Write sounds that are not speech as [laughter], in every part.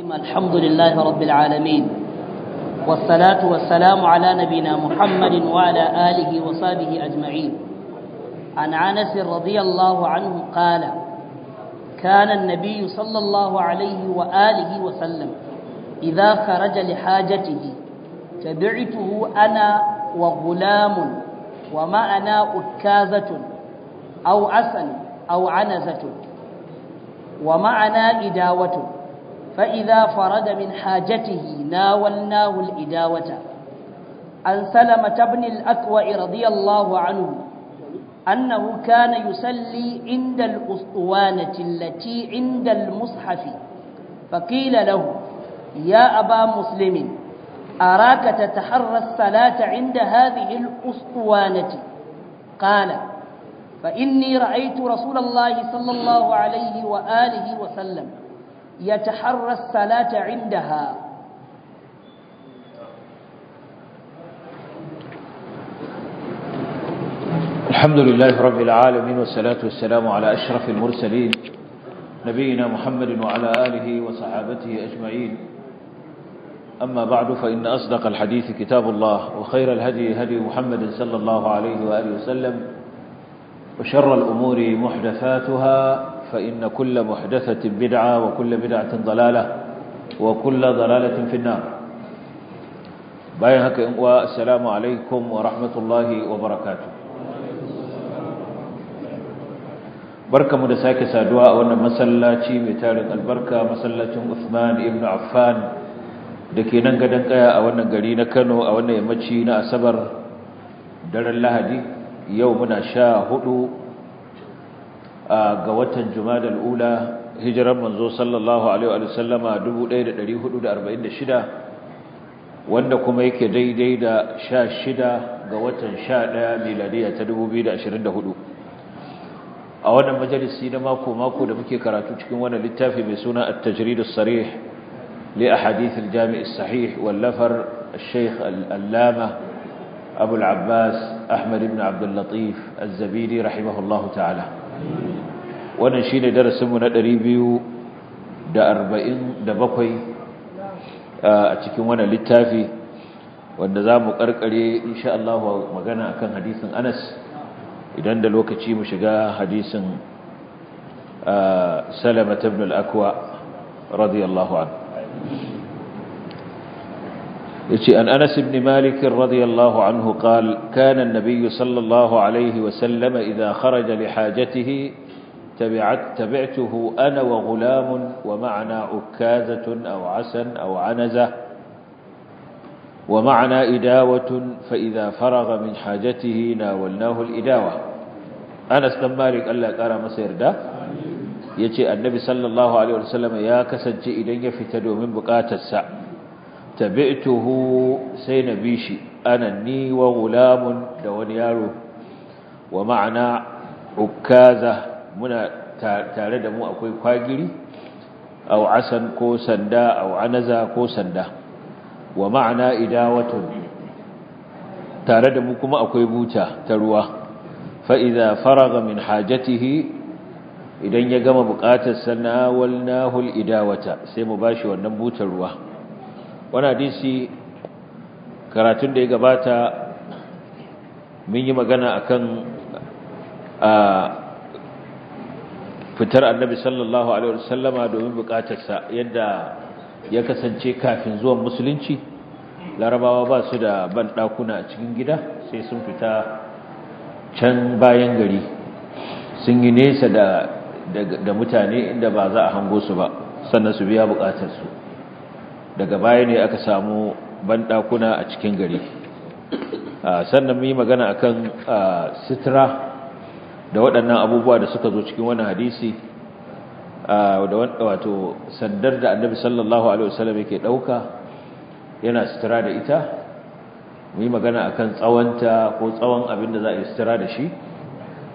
الحمد لله رب العالمين والصلاة والسلام على نبينا محمد وعلى آله وصحبه أجمعين عن عنس رضي الله عنه قال كان النبي صلى الله عليه وآله وسلم إذا خرج لحاجته تبعته أنا وغلام ومعنا أكازة أو أسن أو عنزة ومعنا إداوة فإذا فرد من حاجته ناولناه الإداوة عن سلمة بن الأكوى رضي الله عنه أنه كان يسلي عند الأسطوانة التي عند المصحف فقيل له يا أبا مسلم أراك تتحرى الصلاة عند هذه الأسطوانة قال فإني رأيت رسول الله صلى الله عليه وآله وسلم يتحرى الصلاة عندها الحمد لله رب العالمين والصلاة والسلام على أشرف المرسلين نبينا محمد وعلى آله وصحابته أجمعين أما بعد فإن أصدق الحديث كتاب الله وخير الهدي هدي محمد صلى الله عليه وآله وسلم وشر الأمور محدثاتها فإن كل محدثة بدعة وكل بدعة ضلالة وكل ضلالة في النار باين هكا والسلام عليكم ورحمة الله وبركاته بركة مدساك سادواء وانا مسلاتي متارك البركة مسلاتي عثمان ابن عفان دكي ننقى دنقى وانا قلينا كانوا وانا يمتشينا أسبر دار اللهدي يومنا شاهدوا ga watan Jumadal Ula hijiran manzo sallallahu alaihi wa sallama 1446 wanda kuma yake daidai da 16 ga watan 11 miladiya ta 2024 a wannan majalisi da mako mako da muke karatu cikin wannan littafi mai suna at-tajrid as-sarih li ahadith al-jami' as-sahih wallafar al-shaykh al-allama abu al-abbas ahmad ibn abd al-latif az-zabidi rahimahullahu ta'ala wannan shine darasinmu na 247 a cikin wannan littafi wanda za mu karkare insha Allah magana akan hadisin Anas idan da lokaci mu shiga hadisin Salama ibn al-Akwa radiyallahu anhu يتي أن أنس بن مالك رضي الله عنه قال كان النبي صلى الله عليه وسلم إذا خرج لحاجته تبعت تبعته أنا وغلام ومعنا أكاذة أو عسن أو عنزة ومعنا إداوة فإذا فرغ من حاجته ناولناه الإداوة أنس بن مالك لك أرى مصير ده يجي النبي صلى الله عليه وسلم يا كسج إلي فتدو من بقات السعب tabi'tuhu sai na bi shi ana ananni wa gulamun da wani yaro wa ma'ana ukaza muna tare da mu akwai kwagiri au asan ko sanda aw anaza ko sanda wa ma'ana idawatun tare da mu kuma akwai buta ta ruwa fa idza faraga min hajatihi idan ya gama buƙatar sanawalnahu al idawata sai mu bashi wannan butar ruwa wani hadisi karatun da ya gabata mun yi magana akan a fitar annabi sallallahu alaihi wasallama domin bukatarsa yadda ya kasance kafin zuwan musulunci larabawa ba su da banɗakuna a cikin gida sai sun fita can bayan gari sun yi nesa da mutane inda ba za a hango su ba sannan su biya bukatarsu daga baya ne aka samu banɗakuna a cikin gari sannan mu yi magana akan sitra da waɗannan abubuwa da suka zo cikin wani hadisi da wato sandar da annabi sallallahu alaihi wasallam yake ɗauka yana sitra da ita mu yi magana akan tsawonta ko tsawon abin da za a yi sitra da shi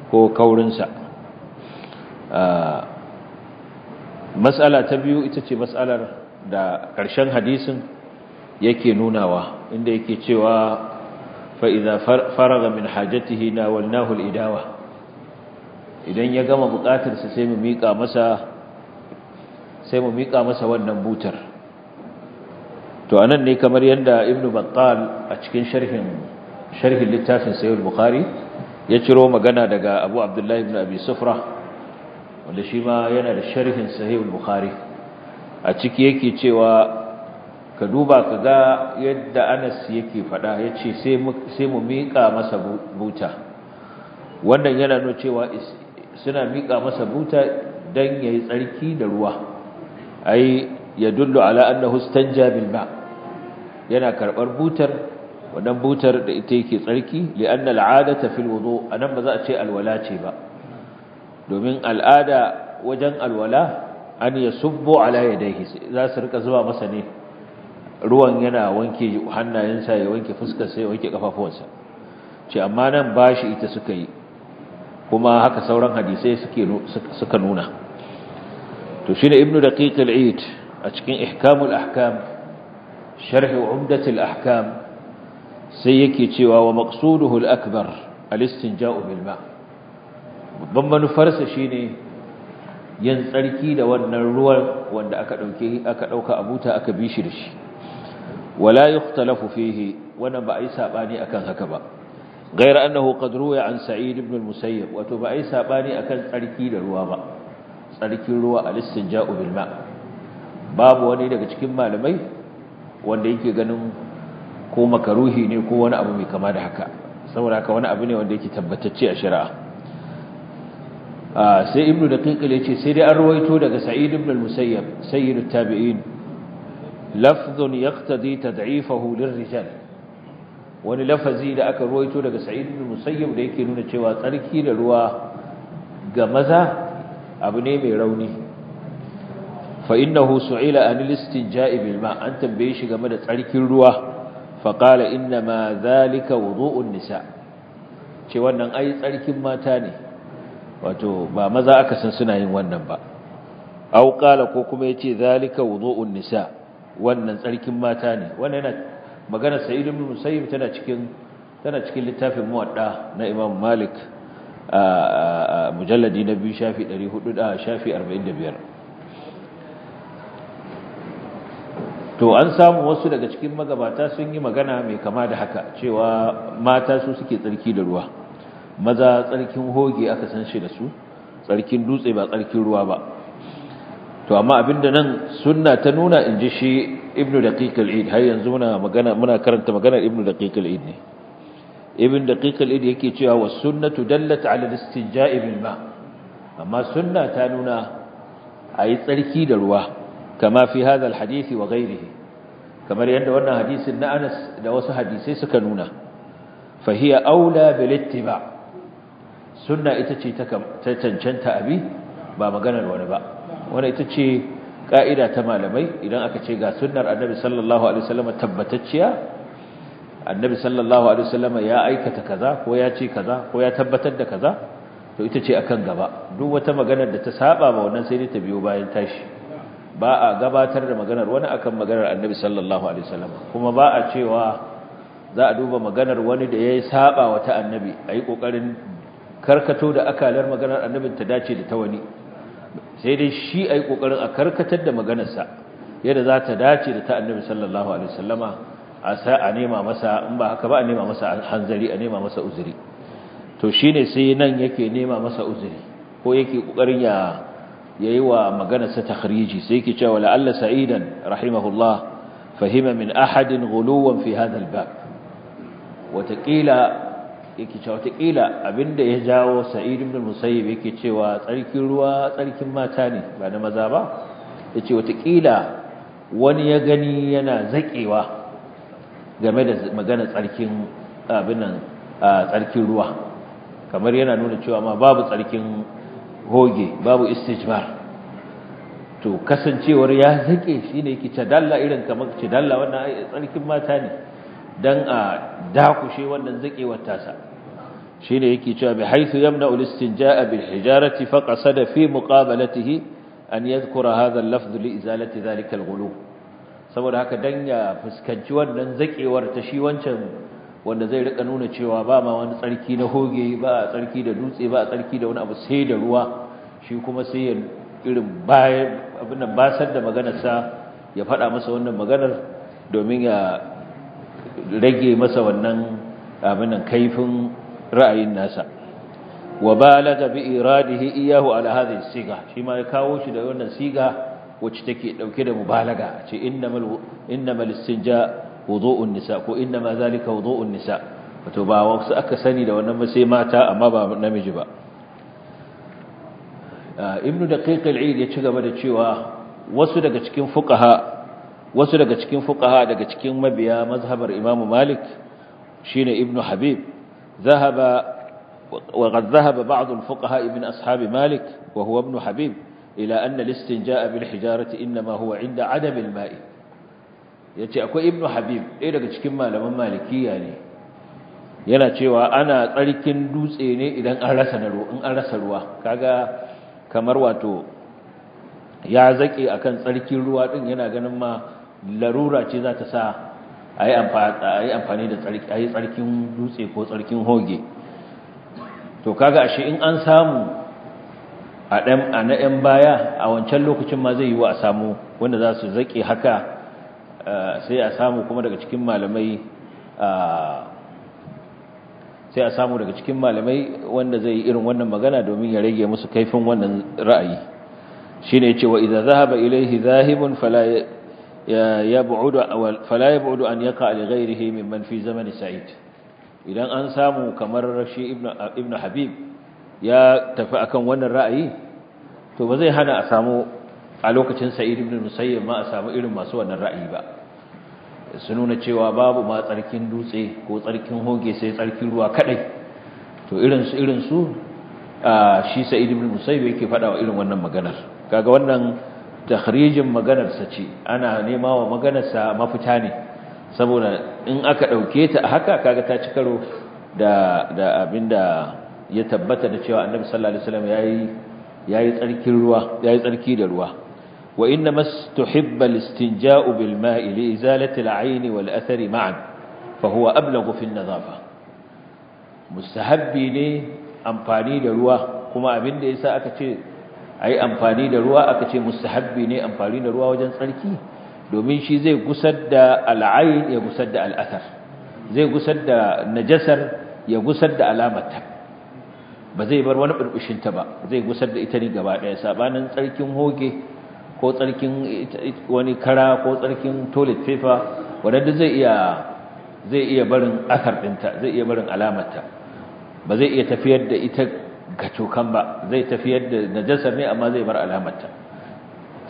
ko kaurinsa matsala ta biyu ita ce matsalar da ƙarshen hadisin yake nunawa inda yake cewa fa'iza faraga min hajjatihi na walnahul idawa idan ya gama buƙatarsa sai mu miƙa masa sai mu miƙa masa wannan butar to anan ne kamar yadda Ibnu battal a cikin sharhin littafin sayyid bukhari ya ciro magana daga abu abdullahi ibn abi sufra wanda shi ma yana da sharhin sahih bukhari a ciki yake cewa ka duba ka ga yadda Anas yake faɗa ya ce sai mu miƙa masa buta wannan yana nuna cewa suna miƙa masa buta don ya yi tsarki da ruwa ai ya dullu ala annahu stanja bil ba yana karɓar butar wannan butar da ita yake tsarki li'anna ta fil wudu anan ba za a ce alwala ce ba domin al'ada wajen alwala an yasubbu ala yadayhi za su rika zuba masa ne ruwan yana wanke hannayensa ya wanke fuskarsa ya wanke kafafuwansa ce amma nan bashi ita suka yi kuma haka sauran hadisai suke suka nuna to ne ibnu daqiq al-eid a cikin ihkamul ahkam sharhi umdat ahkam sai yake cewa wa maqsuduhu al-akbar al-istinja'u bil ma' babban manufarsa shine yin tsarki da wannan ruwan wanda aka dauke aka dauka abuta aka bi shi da shi wala yukhtalafu fihi wannan ba ai sabani akan haka ba غير أنه قد روي عن سعيد بن المسيب tsarki da ruwa ba. Tsarkin ruwa تركي الروا الاستنجاء ubilma. Babu wani daga cikin malamai wanda yake ganin ko makaruhi ne ko wani abu mai kama da haka saboda haka wani abu ne wanda yake tabbatacce a shari'a sai ibnu da ya ce sai dai an ruwaito daga sa'id ibn al-musayyab sayyidut tabi'in lafdhun yaqtadi tad'ifahu lirrijal wani lafazi da aka ruwaito daga sa'id ibn da yake nuna cewa tsarki da ruwa ga maza abu ne mai rauni fa innahu su'ila anil istinja'i bil ma an tambaye shi game da tsarkin ruwa fa qala inna ma dhalika wudu'un nisa ce wannan ai tsarkin mata ne wato ba maza aka san suna yin wannan ba aw qala ko kuma yace zalika wudu'un nisa wannan tsarkin mata ne wannan yana magana sa'id ibn musayyib tana cikin tana cikin littafin muwadda na imam malik a mujalladi na biyu shafi 400 a shafi 45 to an samu wasu daga cikin magabata sun yi magana mai kama da haka cewa mata su suke tsarki da ruwa maza tsarkin hoge aka san shi da su tsarkin dutse ba tsarkin ruwa ba to amma abinda nan sunna ta nuna in ji shi ibnu daqiq al-id har yanzu muna magana muna karanta maganar ibnu daqiq al-id ne Ibin daqiq al-id yake cewa was sunnatu dallat ala al-istinja'i bil ma amma sunna ta nuna ayi tsarki da ruwa kama fi hadha al-hadisi wa ghayrihi kamar yadda wannan hadisin na Anas da wasu hadisai suka nuna fa hiya aula bil ittiba' sunna ita ce ta cancanta abi ba maganar wani ba wani ita ce ka'ida ta malamai idan aka ce ga sunnar annabi sallallahu alaihi wasallam tabbatacciya annabi sallallahu alaihi wasallam ya aikata kaza ko ya ce kaza ko ya tabbatar da kaza to ita ce akan gaba duk wata maganar da ta saba ba wannan sai dai ta biyo bayan tashi ba a gabatar da maganar wani akan maganar annabi sallallahu alaihi wasallam kuma ba a cewa za a duba maganar wani da ya saba wa annabi a yi ƙoƙarin karkato da akalar maganar annabin ta dace da ta wani sai dai shi ayi kokarin a karkatar da maganarsa yadda za ta dace da ta annabi sallallahu alaihi wasallama a sa a nema masa in ba haka ba a nema masa hanzari a nema masa uzuri to shine sai nan yake nema masa uzuri ko yake kokarin ya yayi wa maganarsa takhriji sai yake cewa la'alla sa'idan rahimahullah fahima min ahadin ghuluwan fi hadha al-bab wataƙila yake cewa wataƙila abinda ya jawo sa'id ibn musayyib yake cewa tsarkin ruwa tsarkin mata ne ba na maza ba yace wataƙila wani ya gani yana zaƙewa game da magana tsarkin abin nan tsarkin ruwa kamar yana nuna cewa ma babu tsarkin hoge babu istijmar to kasancewar ya zake shine yake dalla irin kamar dalla wannan tsarkin mata ne dan a dakushe wannan zakewar tasa shine yake cewa bi haythu yamna al-istinjaa bil hijarati fa qasada fi muqabalatihi an yadhkura hadha al-lafz li izalati dhalika al-ghulu saboda haka dan ya fuskanci wannan zakewar ta shi wancan wanda zai rika nuna cewa ba ma wani tsarki na hoge ba a tsarki da dutse ba a tsarki da wani abu sai da ruwa shi kuma sai ya irin abin nan basar da maganarsa ya faɗa masa wannan maganar domin ya rage masa wannan abin nan kaifin ra'ayin nasa wa balaga bi iradihi iyahu ala hadhihi siga shi ma ya kawo shi da wannan siga wacce take dauke da mubalaga ce innamal innamal istinja wudu'un nisa ko innama zalika wudu'un nisa wato ba wasu aka sani da wannan sai mata amma ba namiji ba ibnu daqiq al-eid ya ci gaba da cewa wasu daga cikin fuqaha wasu daga cikin fuqaha daga cikin mabiya mazhabar imamu malik shine ibnu habib ذهب وقد ذهب بعض الفقهاء من أصحاب مالك وهو ابن حبيب إلى أن الاستنجاء بالحجارة إنما هو عند عدم الماء يأتي أكو ابن حبيب إيه لك تكما لما مالكي يعني يلا تيوى أنا أريكين دوس إيني إذا أرس نرو إن أرس الوا كذا كمرواتو يا أكن أريكين روات إن أنا جنما لرورة كذا تسا a yi amfani da tsarkin dutse ko tsarkin hoge to kaga ashe in an samu a na 'yan baya a wancan lokacin ma zai yi wa a samu wanda za su zaƙe haka sai a samu kuma daga cikin malamai sai a samu daga cikin malamai wanda zai irin wannan magana domin ya rage musu kaifin wannan ra'ayi shine cewa idza zahaba ilaihi, zahibun fala fala ya bu'udu an yaka li ghairihi mimman fi zamani sa'id idan an samu kamar shi ibn habib ya tafi akan wannan ra'ayi to ba zai hana a samu a lokacin sa'id ibn musayyib ma a samu irin masu wannan ra'ayi ba su nuna cewa babu ma tsarkin dutse ko tsarkin hoge sai tsarkin ruwa kaɗai to irinsu irinsu shi sa'id ibn musayyib yake faɗa irin wannan maganar kaga wannan takhrijin maganarsa ce ana nema wa maganarsa mafita ne saboda in aka ɗauke ta haka kaga ta ci karo da da abinda ya tabbata da cewa annabi sallallahu alaihi wasallam yayi yayi tsarkin ruwa yayi tsarki da ruwa wa inna mastuhibba al bil ma'i li izalati al wal athari ma'an fa huwa ablaghu fi an-nadhafa mustahabbi ne amfani da ruwa kuma abinda yasa aka ce ai amfani da ruwa aka ce mustahabbi ne amfani da ruwa wajen tsarki domin shi zai gusar da al'ayn ya gusar da al'athar zai gusar da najasar ya gusar da alamata ba zai bar wani burbushin ta ba zai gusar da ita ne gaba daya sabanin tsarkin hoge ko tsarkin wani kara ko tsarkin toilet paper wanda zai iya zai iya barin akar dinta zai iya barin alamata ba zai iya tafiyar da ita cokan ba zai tafiyar da najasa ne amma zai bar alamarta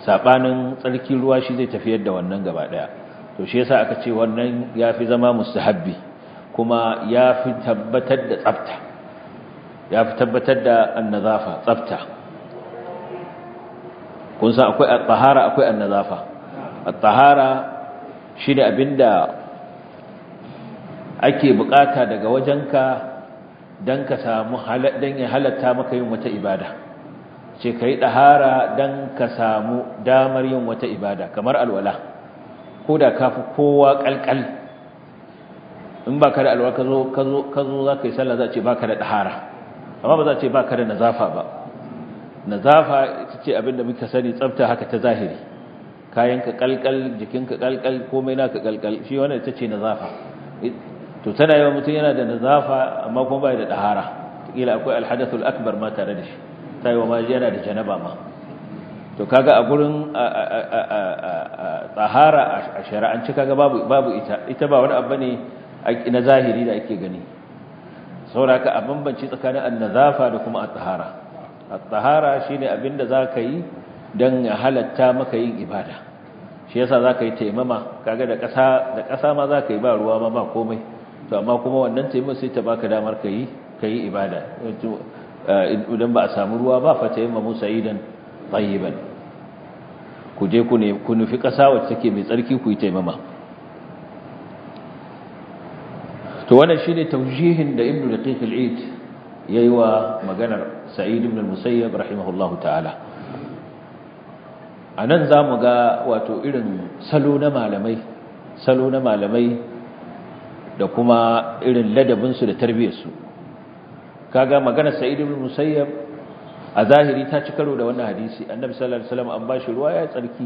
Saɓanin tsarkin ruwa shi zai tafiyar da wannan gaba ɗaya to shi yasa aka ce wannan fi zama mustahabbi kuma fi tabbatar da tsafta fi tabbatar da annazafa tsafta kun san akwai at akwai annazafa at-tahara shine abinda ake bukata daga wajenka dan ka samu dan ya halatta maka yin wata ibada ce kai dahara dan ka samu damar yin wata ibada kamar alwala ko da fi kowa kalkal in ba ka da alwala ka zo za ka yi sallah za ce ba ka da dahara amma ba za ce ba ka da nazafa ba nazafa ita ce abinda muka sani tsafta haka ta zahiri kayanka kalkal jikinka kalkal komai naka kalkal shi wannan ita ce nazafa to tana yawa mutum yana da nazafa amma kuma bai da dahara kila akwai alhadathul akbar ma tare da shi ta yawa ma yana da janaba ma to kaga a gurin tsahara a shari'anci kaga babu babu ita ita ba wani abu ne na zahiri da ake gani sauraka a bambanci tsakanin nazafa da kuma tsahara. tahara at abin da abinda ka yi ya halatta maka yin ibada shi yasa zaka yi taimama kaga da ƙasa da ƙasa ma zaka yi ba ruwa ma ba komai to amma kuma wannan taimon sai ta baka damar ka kai ka yi ibada eh, idan ba a samu ruwa ba fa taimon musa idan tayyiban ku je ku nufi ƙasa wacce take mai tsarki ku yi taimama to wannan shine tawjihin da ibnu Raqiq al-eid yayi wa maganar sa'id ibn al musayyab rahimahullahu ta'ala anan mu ga wato irin salo na malamai salo na malamai da kuma irin ladabinsu da tarbiyyarsu kaga maganar sa'id ibn musayyab a zahiri ta ci karo da wannan hadisi annabi sallallahu alaihi wasallam an bashi ruwa ya tsarki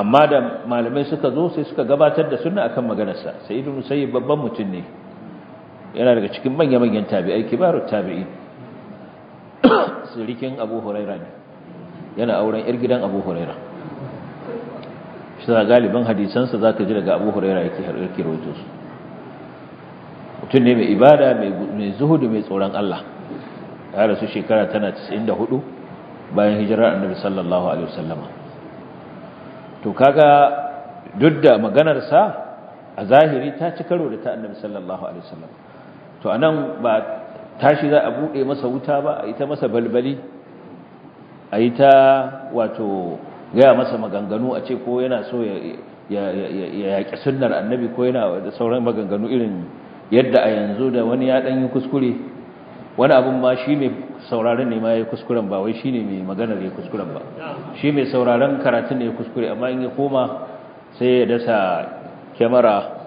amma da malamai suka zo sai suka gabatar da sunna akan maganarsa sa'id ibn musayyab babban mutum ne yana daga cikin manyan manyan tabi'ai kibarut tabi'in sirikin abu huraira ne yana auren yar gidan abu huraira suna galibin hadisansa za ka ji daga abu huraira yake harkarki rawaito su mutum ne mai ibada mai zuhudu mai tsoron Allah ya rasu shekara tana 94 bayan hijirar annabi sallallahu alaihi wasallama to kaga duk da maganarsa a zahiri ta ci karo da ta annabi sallallahu alaihi wasallam to anan ba tashi za a bude masa wuta ba a yi ta masa balbali a yi ta wato gaya masa maganganu a ce ko yana so ya yaƙi sunnar annabi ko yana da sauran maganganu irin yadda a yanzu da wani ya ɗan yi kuskure wani abin ma shi mai sauraron ne ma ya yi kuskuren ba wai shi ne mai maganar ya kuskuren ba shi mai sauraron karatun ne ya kuskure amma in ya koma sai ya dasa kyamara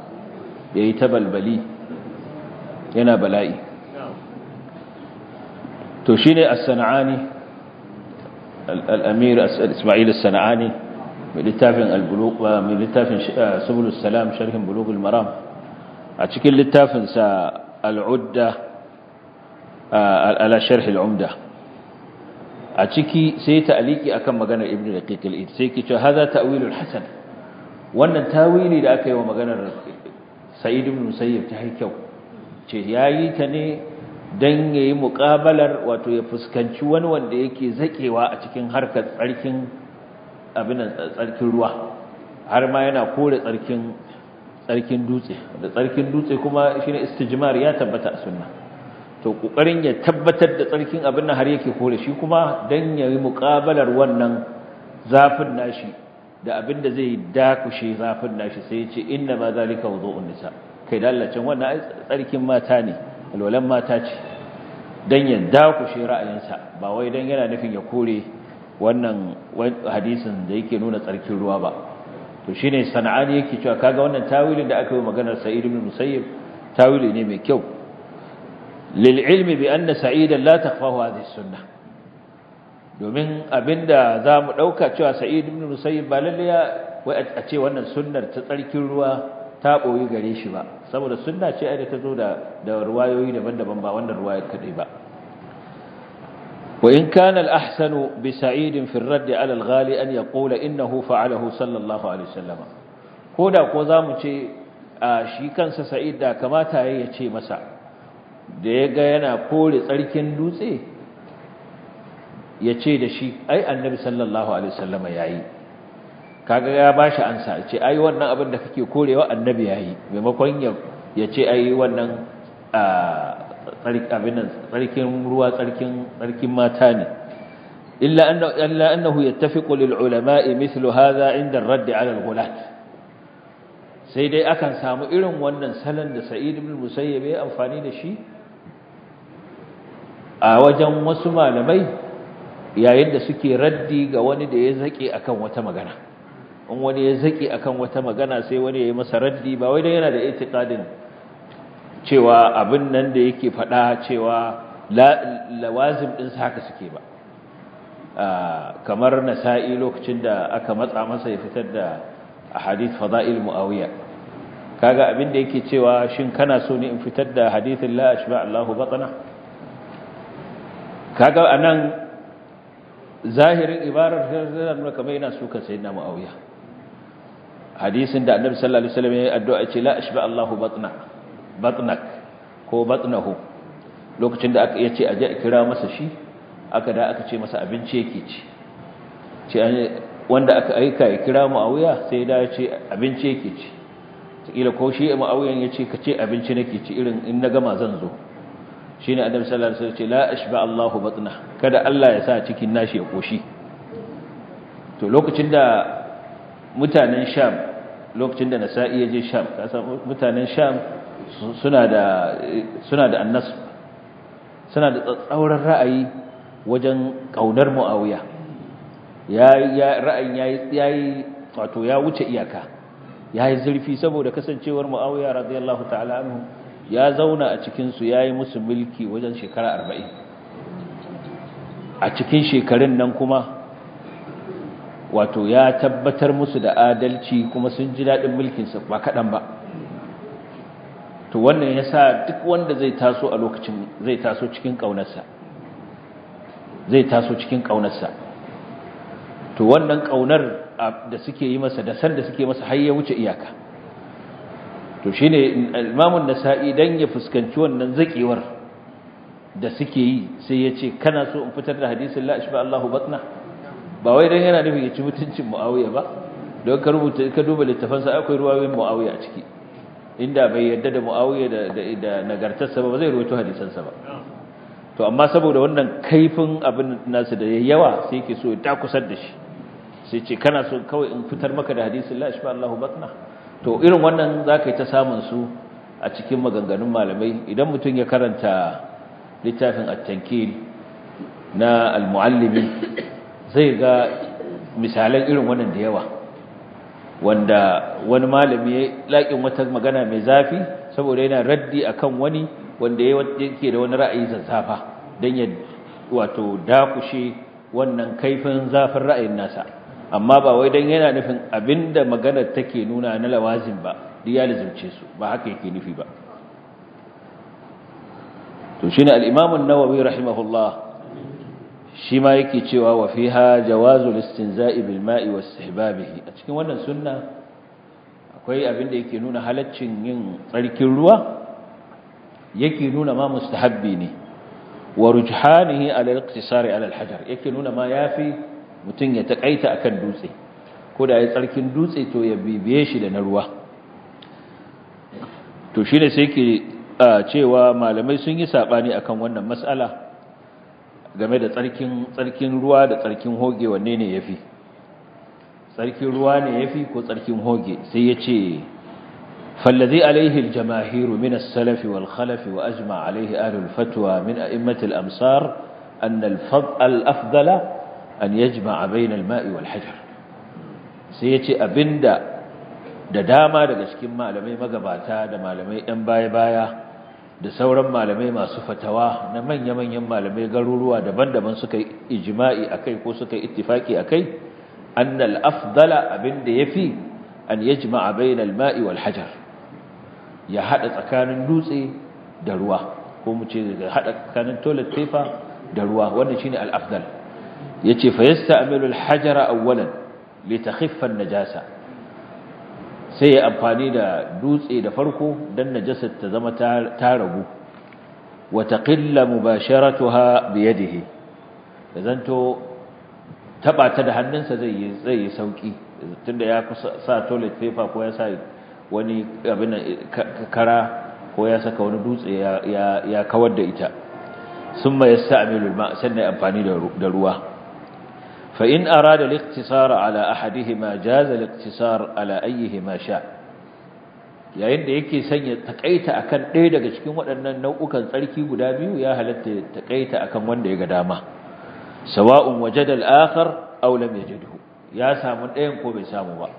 ya yi ta balbali yana bala'i to shi ne as-sana'ani al'amir ismail sana'ani mai littafin mai littafin subulus salam sharhin bulugul maram a cikin littafinsa al'udda ala sharhi al'umda a ciki sai ta'aliki aliki akan maganar ibn daqiq al-id sai ki ce hadha ta'wil wannan tawili da aka yi wa maganar sa'id ibn musayyib ta ce yayi ta ne Dan ya yi muƙabalar wato ya fuskanci wani wanda yake zaƙewa a cikin harkar tsarkin abin tsarkin ruwa har ma yana kore tsarkin tsarkin dutse da tsarkin dutse kuma shine istijmar ya tabbata a sunna to kokarin ya tabbatar da tsarkin abin nan har yake kore shi kuma dan yayi muqabalar wannan zafin nashi da abin da zai dakushe zafin nashi sai ya ce inna ma zalika wudu'un nisa kai dallacin wannan tsarkin mata ne alwalan mata ce Dan don ku shi ra'ayinsa ba wai don yana nufin ya kore wannan hadisin da yake nuna tsarkin ruwa ba to shine sana'ani yake cewa kaga wannan tawilin da aka yi maganar sa'id bin musayyib tawili ne mai kyau lil ilmi bi anna sa'id la takhfahu hadhihi sunnah domin abinda mu ɗauka cewa sa'id bin musayyib ba lalle ya wai a ce wannan sunnar ta tsarkin ruwa ta ɓoyi gare shi ba saboda sunna ce ai ta zo da da ruwayoyi daban-daban ba wannan ruwayar kadai ba وإن كان الأحسن بسعيد في الرد على الغالي أن يقول إنه Ko da الله za mu ce a shi kansa sa'id da kamata ya yace masa da ya ga yana kore tsarkin dutse ya ce da shi ai annabi sallallahu alaihi wasallam yayi kaga ya bashi ansa ya ce ai wannan abin da kake korewa annabi yayi maimakon ya ce ai wannan tsarkin ruwa tsarkin tsarkin mata ne illa annahu illa annahu yattafiqu lil ulama'i mithlu hadha 'inda ar-radd 'ala al-ghulat sai dai akan samu irin wannan salon da Sa'id ibn Musayyib ya amfani da shi a wajen wasu malamai yayin da suke raddi ga wani da ya zake akan wata magana in wani ya zaki akan wata magana sai wani ya yi masa raddi ba wai dai yana da itiqadin cewa abin nan da yake faɗa cewa lawazim din sa haka suke ba kamar nasa'i lokacin da aka matsa masa ya fitar da hadith fada'il muawiya kaga abin da yake cewa shin kana so ne in fitar da hadithin la ashba Allahu batana kaga anan zahirin ibarar kamar yana suka sayyidina muawiya hadisin da annabi sallallahu alaihi wasallam ya addu'a ce la ashba Allahu batna batnak ko batnahu lokacin da aka yace aje kira masa shi aka da aka ce masa abinci yake ci ce wanda aka aika ya kira Muawiya sai da ce abinci yake ci kila ko shi Muawiyan yace ka ce abinci nake ci irin in na gama zan zo shine annabi sallallahu alaihi wasallam ce la ashba Allahu batna kada Allah ya sa cikin nashi ya koshi to lokacin da mutanen Sham lokacin da nasa'i ya je sham san mutanen sham suna da suna da annas suna da tsatsauran ra'ayi wajen kaunar muawiya ya ya ra'ayin yayi yayi wato ya wuce iyaka yayi zurfi saboda kasancewar muawiya radiyallahu ta'ala anhu ya zauna a cikin su yayi musu mulki wajen shekara 40 a cikin shekarun nan kuma wato ya tabbatar musu da adalci kuma sun ji daɗin mulkinsa ba kaɗan ba to wannan ya sa duk wanda zai taso a lokacin zai taso cikin ƙaunarsa zai taso cikin ƙaunarsa to wannan ƙaunar da suke yi masa da san da suke masa har ya wuce iyaka to shine imamun nasa'i dan ya fuskanci wannan zakewar da suke yi sai ya ce kana so in fitar da hadisin la ashba Allahu batna ba wai dan yana nufin ya ci mutuncin muawiya ba don ka rubuta ka duba sa akwai ruwayoyin muawiya a ciki inda bai yadda da muawiya da da nagartarsa ba zai hadisan hadisansa ba to amma saboda wannan kaifin abin nasu da yawa sai yake so ya takusar da shi sai ce kana so kawai in fitar maka da hadisin la ishfa Allahu batna to irin wannan zaka yi ta samun su a cikin maganganun malamai idan mutum ya karanta littafin at-tankil na al-muallimi zai ga misalan irin wannan da yawa wanda wani malami ya laƙin wata magana mai zafi saboda yana raddi akan wani wanda yake da wani ra'ayi zazzafa don ya wato dakushe wannan kaifin zafin ra'ayin nasa amma ba wai don yana nufin abinda magana take nuna na lawazin ba duk ya lazimce su ba haka yake nufi ba to shine al-Imam an-Nawawi rahimahullah shi ma yake cewa wa fiha jawazul istinza'i bil ma'i wastihbabihi a cikin wannan sunna akwai abin da yake nuna halaccin yin tsarkin ruwa yake nuna ma mustahabbi ne wa rujhanihi ala al-iqtisari ala al-hajar yake nuna ma yafi mutun ya takaita akan dutse ko da ya tsarkin dutse to ya bibiye shi da na ruwa to shine sai yake cewa malamai sun yi sabani akan wannan mas'ala game da tsarkin tsarkin ruwa da tsarkin hoge wanne ne yafi tsarkin ruwa ne yafi ko tsarkin hoge sai yace فالذي عليه الجماهير من السلف والخلف وأجمع عليه أهل الفتوى من أئمة الأمصار أن الأفضل أن يجمع بين الماء والحجر سيتي abinda da dama daga cikin malamai magabata da malamai ɗan baya-baya da sauran malamai masu fatawa na manya-manyan malamai garuruwa daban-daban suka yi a akai ko suka yi ittifaki akai annal afdala abinda yafi an yajma'a bainal ma'i wal hajar ya haɗa tsakanin dutse da ruwa ko mu ce ya haɗa tsakanin toilet paper da ruwa wannan shine al afdal ya fa yasta'milu al hajara awwalan litakhiffa an najasa sai ya amfani da dutse da farko dan najasar ta zama ta ragu wa taqilla mubasharatuha bi yadihi da zanto taba ta da hannunsa zai yi zai yi sauki tunda ya sa toilet paper ko ya sa wani abin kara ko ya saka wani dutse ya kawar da ita summa yasta'milu al-ma sannan amfani da ruwa فإن أراد الاقتصار على أحدهما جاز الاقتصار على أيهما شاء yayin da yake sanya takaita akan ɗaya daga cikin waɗannan nau'ukan tsarki guda biyu ya halatta takaita akan wanda ya ga dama sawa'un wajada al-akhar aw lam yajidhu ya samu ɗayan ko bai samu ba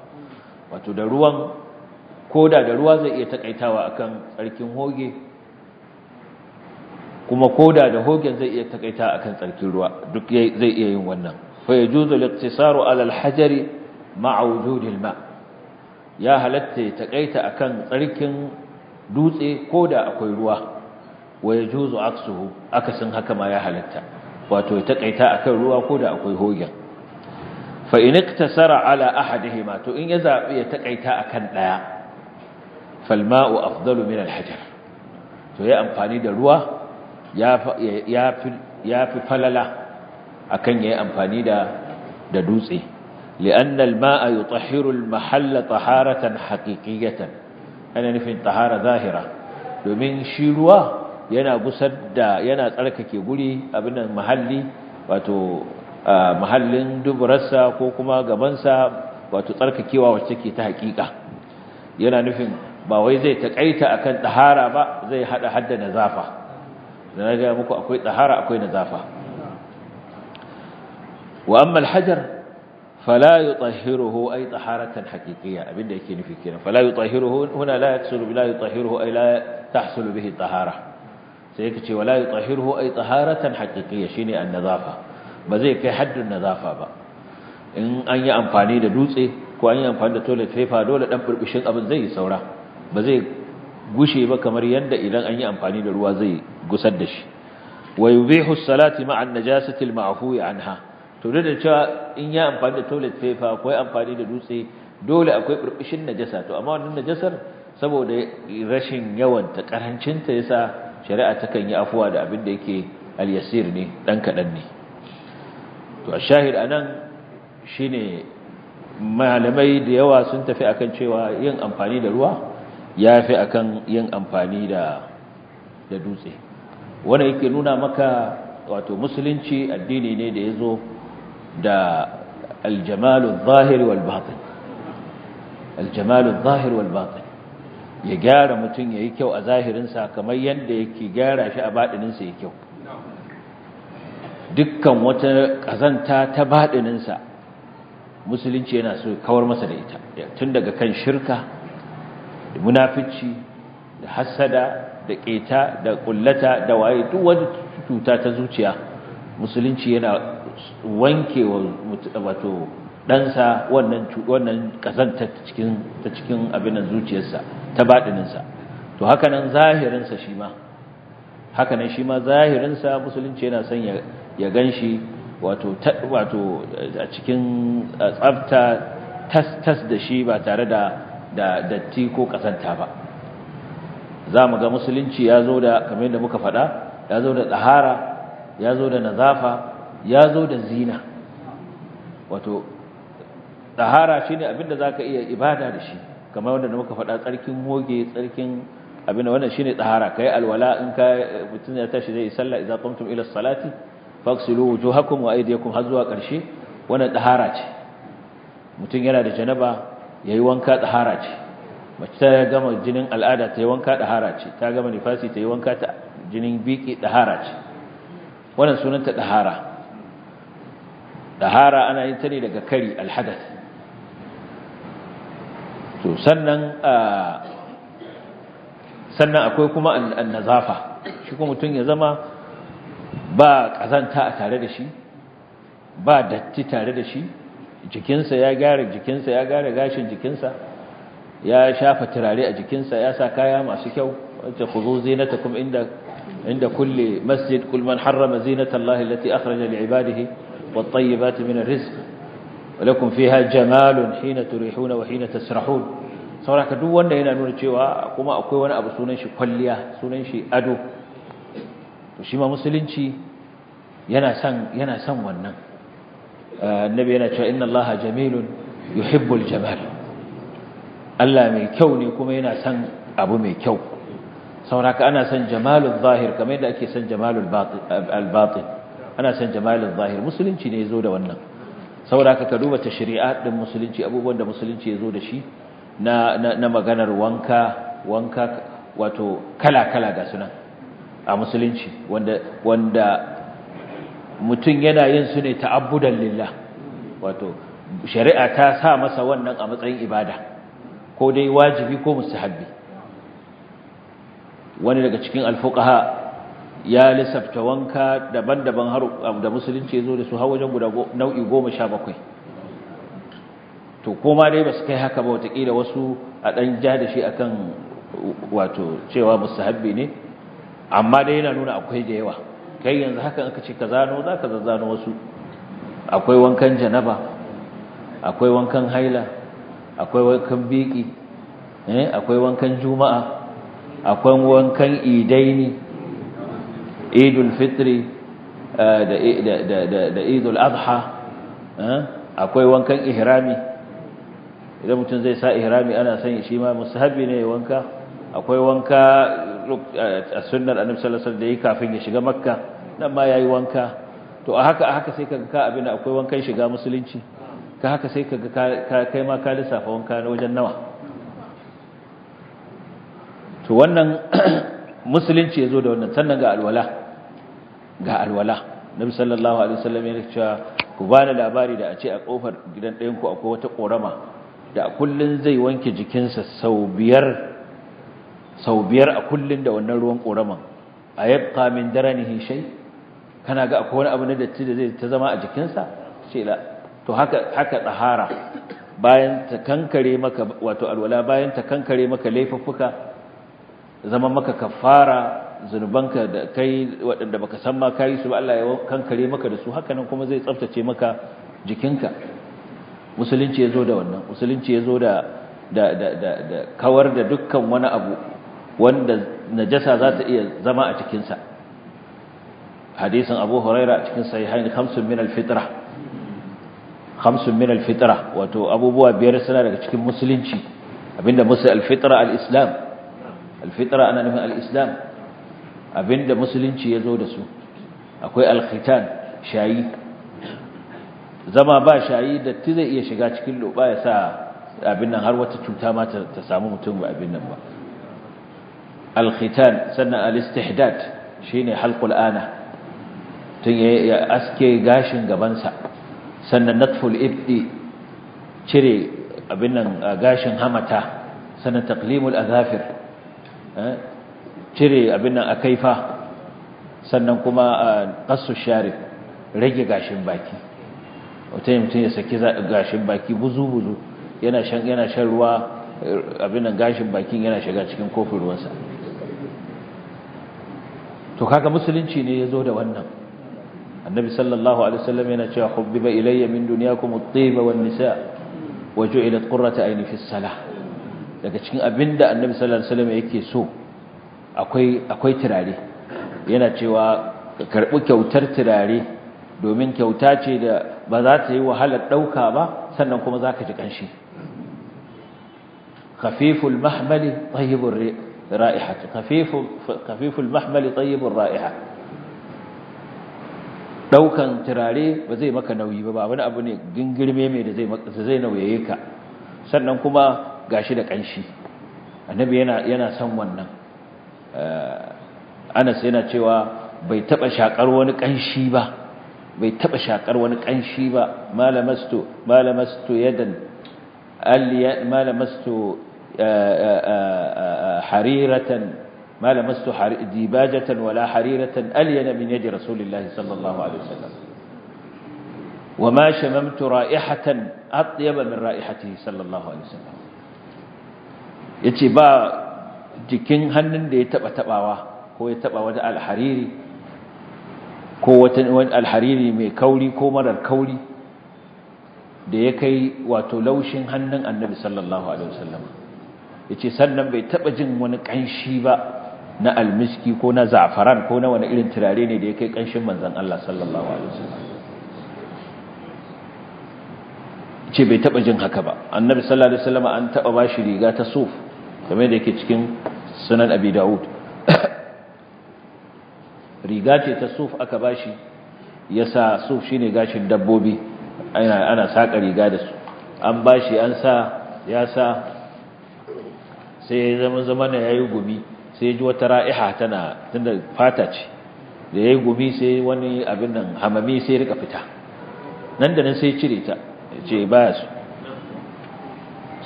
wato da ruwan ko da ruwa zai iya takaitawa akan tsarkin hoge kuma koda da hogen zai iya takaita akan tsarkin ruwa duk zai iya yin wannan فيجوز الاقتصار على الحجر مع وجود الماء يا هلت تقيت أكن تركن دوتي كودا أكوي روا ويجوز عكسه أكسن هكما يا هلت واتو تقيت أكن روا كودا أكوي هويا فإن اقتصر على أحدهما تو إن يزعب يتقيت أكن لا فالماء أفضل من الحجر تو يا أمفاني دروا يا في فللا akan yayi amfani da da dutse li'anna al-ma'a yutahhiru al-mahalla taharatan haqiqiyatan ana nufin tahara zahira domin shi ruwa yana gusar da yana tsarkake guri abin da mahalli wato mahallin duburarsa ko kuma gabansa wato tsarkakewa wacce ke ta haƙiƙa yana nufin ba wai zai taƙaita akan tahara ba zai hada hadda nazafa da na ga muku akwai tahara akwai nazafa wa amma alhajar fala yutahhiruhu ay taharatan haqiqiyya abinda yake nufi kenan fala yutahhiruhu huna la yahsulu bila yutahhiruhu ay la tahsulu bihi tahara sai yake ce wala yutahhiruhu ay taharatan haqiqiyya shine an-nazafa ba zai kai haddun nazafa ba in an yi amfani da dutse ko an yi amfani da toilet paper dole dan burbushin abin zai yi saura ba zai gushe ba kamar yanda idan an yi amfani da ruwa zai gusar da shi wa yubihu as-salati ma'a najasati al-ma'fu'i anha to da cewa in ya amfani da toilet paper akwai amfani da dutse dole akwai burbushin najasa to amma wannan najasar saboda rashin yawan ta karancin ta yasa shari'a takan yi afuwa da abin da yake al-yasir ne dan kadan ne to ashahid anan shine malamai da yawa sun tafi akan cewa yin amfani da ruwa yafi akan yin amfani da da dutse wannan yake nuna maka wato musulunci addini ne da yazo da Aljamalu zahiri wal batin aljamalu zahiri wal batin ya gyara mutum yayi kyau a zahirinsa kamar yadda yake gyara shi a baɗininsa ya kyau dukkan wata kazanta ta baɗininsa, musulunci yana so kawar masa da ita tun daga kan shirka da munafici da hasada da keta da kullata da waye duk wani cuta ta zuciya musulunci yana wanke wato ɗansa wannan wannan cikin ta cikin abin zuciyarsa ta baɗininsa to haka nan zahirinsa shi ma haka shi ma zahirinsa musulunci yana son ya ganshi wato wato a cikin tsafta tas tas da shi ba tare da da datti ko kasanta ba za mu ga musulunci ya zo da kamar yadda muka faɗa ya zo da tsahara ya zo da nazafa ya zo da zina wato ɗahara shi ne abinda za ka iya ibada da shi kamar wanda muka faɗa tsarkin moge, tsarkin abinda wannan shi ne ɗahara ka yi alwala in ka mutum ya tashi zai yi sallah idan kwamtum ila salati faksilu hakun wa aydiyakum har zuwa ƙarshe wannan ɗahara ce mutum yana da janaba ya yi wanka ɗahara ce mace ta gama jinin al'ada ta yi wanka ɗahara ce ta gama nifasi ta yi wanka ta jinin biki ɗahara ce wannan sunanta ɗahara dahara ana yin ta ne daga kari alhadas to sannan sannan akwai kuma annazafa shi kuma mutum ya zama ba kazanta a tare da shi ba datti tare da shi jikinsa ya gyara jikinsa ya gyara gashin jikinsa ya shafa turare a jikinsa ya sa kaya masu kyau wacce kuzo zinata kuma inda kulle masjid kulman man harrama zinatallahi lati akhraja li ibadihi والطيبات من الرزق ولكم فيها جمال حين تريحون وحين تسرحون saboda ka duk wanda yana nuna cewa kuma akwai wani abu sunan shi kwalliya sunan shi ado to shi ma musulunci yana son yana san wannan annabi yana cewa inna allaha jamilun yuhibbul jamal Allah mai kyau ne kuma yana son abu mai kyau sauraka ana son jamalul zahir kamar yadda ake son jamalul al batin ana san jamalin zahir musulunci ne ya zo da wannan saboda ka duba tashri'at din musulunci abubuwan da musulunci ya zo da shi na na maganar wanka wanka wato kala kala ga sunan a musulunci wanda wanda mutum yana yin su ne ta'abbudan lillah wato shari'a ta sa masa wannan a matsayin ibada ko dai wajibi ko mustahabbi wani daga cikin alfuqaha ya lissafta wanka daban-daban har ah, da musulunci ya zo da su har wajen guda nau'i goma sha bakwai to koma dai ba su kai haka ba watakila wasu a ɗan ja da shi akan wato cewa musahabbi ne amma dai yana nuna akwai da yawa kai yanzu haka aka ce ka zano za ka zazzano wasu akwai wankan janaba akwai wankan haila akwai wankan biki eh, akwai wankan juma'a akwai wankan idaini idul fitri eh, da idul adha eh, akwai wankan ihrami idan mutum zai sa ihrami ana son shi ma musahabi ne wanka akwai wanka eh, a sunnar annabi sallallahu alaihi wasallam da yi kafin ya shiga makka nan ma yayi wanka to a haka a haka sai kaga ka abin akwai wankan shiga musulunci ka haka sai kaga kai ma ka lissafa wanka na wajen nawa to wannan [clears throat] musulunci yazo da wannan sannan ga alwala ga alwala nabi sallallahu alaihi wasallam ya ce ku bani labari da a ce a kofar gidan ɗayan ku akwai wata korama da kullun zai wanke jikinsa sau biyar sau biyar a kullun da wannan ruwan koraman a yabqa min daranihi shay kana ga akwai wani abu na datti da zai ta zama a jikinsa ce la to haka haka tsahara bayan ta kankare maka wato alwala bayan ta kankare maka laifuffuka zama maka kafara zunubanka da kai waɗanda baka san ma kai su ba Allah ya kankare maka da su haka nan kuma zai tsaftace maka jikinka musulunci yazo da wannan musulunci yazo da da da da kawar da dukkan wani abu wanda najasa za ta iya zama a cikin sa hadisin Abu Huraira a cikin sahihain khamsun min al-fitra khamsun min al-fitra wato abubuwa biyar suna daga cikin musulunci abinda musu al-fitra al-islam al-fitra ana nufin al-islam abinda musulunci ya zo da su akwai alkhitan shayi zama ba shayi da ti zai iya shiga cikin loba ya sa abin nan har wata cuta ma ta samu mutum ba abin nan ba alkhitan sannan alistihdad shine halqul ana tun ya aske gashin gabansa sannan natful ibdi cire abin nan gashin hamata sannan taqlimul azafir eh? cire abin nan a kaifa sannan kuma a kasu share, rage gashin baki mutum mutum ya saki gashin baki buzu buzu yana shan ruwa abin nan gashin baki yana shiga cikin kofin ruwansa to kaga musulunci ne yazo da wannan annabi sallallahu alaihi wasallam yana cewa hubbiba ilayya min dunyakum at-tayyiba wan-nisa wa ju'ilat qurratu ayni fi salah daga cikin abinda annabi sallallahu alaihi wasallam yake so akwai akwai turare yana cewa karbi kyautar turare domin kyauta ce da ba za ta yi wahalar dauka ba sannan kuma zaka ji kanshi khafiful mahmali tayyibur ra'iha khafiful khafiful mahmali tayyibur ra'iha daukan turare ba zai maka nauyi ba ba wani abu ne gingirme mai da zai zai ka sannan kuma gashi da kanshi annabi yana yana son wannan anas yana cewa bai taba shakar wani kanshi ba bai taba shakar wani kanshi ba malamastu malamastu yadan malamastu hariratan malamastu dibajatan wala hariratan alyana min yadi rasulillahi sallallahu alaihi wasallam وما شممت رائحة أطيب من رائحته صلى الله عليه وسلم يتي با jikin hannun da ya taba tabawa ko ya taba wani alhariri ko wata alhariri mai kauri ko marar kauri da ya kai wato laushin hannun annabi sallallahu alaihi wasallam yace sannan bai taba jin wani kanshi ba na almiski ko na za'faran ko na wani irin turare ne da ya kai kanshin manzan Allah sallallahu alaihi wasallam ce bai taba jin haka ba annabi sallallahu alaihi wasallam an taba bashi riga ta suf kamar da yake cikin sunan abi daud [coughs] riga ce ta suf aka bashi yasa suf shine gashin dabbobi ana ana saka riga da su an bashi an sa ya sa sai zaman zaman ya yi gumi sai ji wata ra'iha tana tunda fata ce da yayi gumi sai wani abin nan hamami sai rika fita nan da nan sai cire ta ce baya su